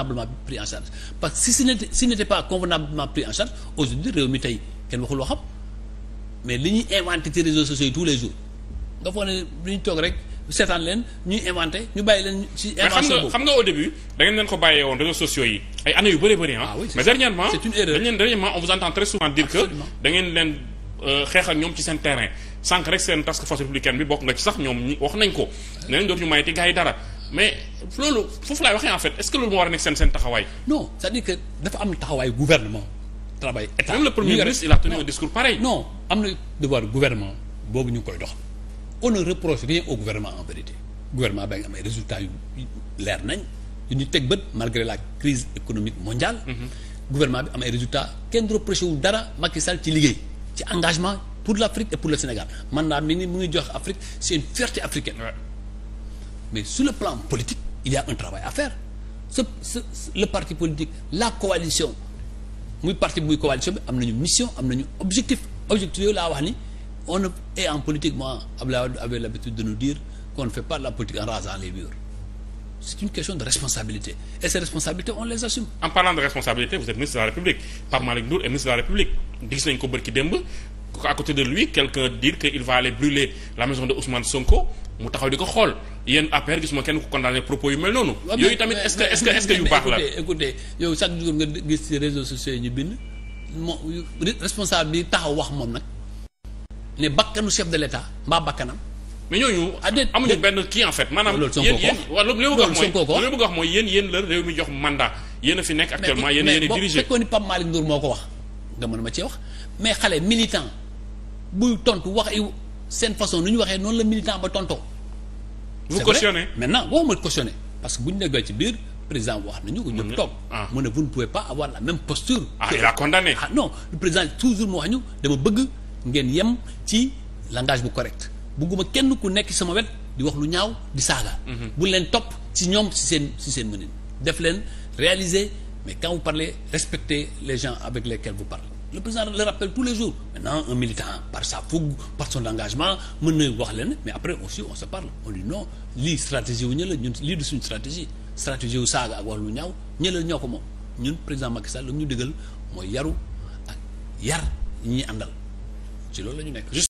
convenablement pris en charge parce que si ce n'était pas convenablement pris en charge aujourd'hui réew mi tey kenn waxul waxam mais li ñuy inventé ci réseaux sociaux yi tous les jours nga foog ne du ñu toog rek seetaan leen ñuy inventé ñu bàyyi leen ci invention boobu xam nga au début da ngeen leen ko bàyyee woon réseaux sociaux yi ay années yu bëree bëri ah mais dernièrement c'est une souvent dire que da leen euh, xeex ñoom ci seen terrain sànq rek seen task mais loolu foofu laay waxee en fait est-ce que loolu moo war a nekk seen seen taxawaay. non c'est-à-dire que dafa am taxawaay gouvernement. travail état même boobu ñu ngi koy dox on ne reproche en vérité gouvernement ba nga am ay résultats yu leer nañ yu ñu teg bët malgré la crise économique mondiale. Mhm. gouvernement bi am ay résultats kenn reproché wu dara Macky Sall ci liggéey ci engagement pour la l'Afrique et pour le Sénégal mandat mi ngi mu ngi jox Afrique c'est une fierté africaine. mais sur le plan politique il y a un travail à faire ce ce le parti politique la coalition muy parti muy coalition am nañu mission am nañu objectif objectif yooyu laa wax ni on est en politique moi Abdoulaye Wade de nous dire qu'on fait pas la politique en rasant les murs c'est une question de responsabilité et ces responsabilités on les assume en parlant de responsabilité vous êtes ministre de la République Pape Malick Ndour est ministre de la République gis nañ à côté de lui quelqu'un dire que il va aller brûler la maison de Ousmane Sonko mu taxaw di ko xool yéen APR gisuma kenn ku condamné propos yu mel noonu. yooyu tamit est-ce que yu baax la. écoutez yow chaque bi taxaw wax moom nag ne bakkanu chef de l'État mbaa bakkanam. mais ñooñu ah, amuñu benn kii en fait ah, maanaam loolu bëgg a wax mooy li ma a réew mi jox mandat yéen fi nekk actuellement yéen a dirigé mais ni Pape Malick Ndour moo ko wax nga mën ma cee wax mais xale militant buy tontu wax ay seen façon nu ñu waxee noonu la militant ba tontoo. vous cautionnez maintenant waxuma cautionner parce que bu ñu nekkee ci biir président wax nañu ko. ñëpp toog ah. mu ne vous ne pouvez pas avoir la même posture. ah il a condamné ah non le président toujours mu wax ñu dama bëgg ngeen yem ci langage bu correct bëgguma kenn ku nekk ci sama wet di wax lu ñaaw di saaga. Mhm. bu leen topp ci ñoom ci seen ci seen mënin def leen réaliser mais quand vous parlez respectez les gens avec lesquels vous parlez. le président le rappelle tous les jours maintenant un militant par sa fougue par son engagement mën na wax leen mais après aussi on se parle on dit non lii stratégie wu ñun lii du suñu stratégie stratégie wu saaga ak wax lu ñaaw ñëlal ñoo ko moom ñun président Macky Sall la ñu digal mooy yaru ak yar ñi àndal ci loolu la ñu nekk